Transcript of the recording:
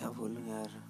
Ich abonniere.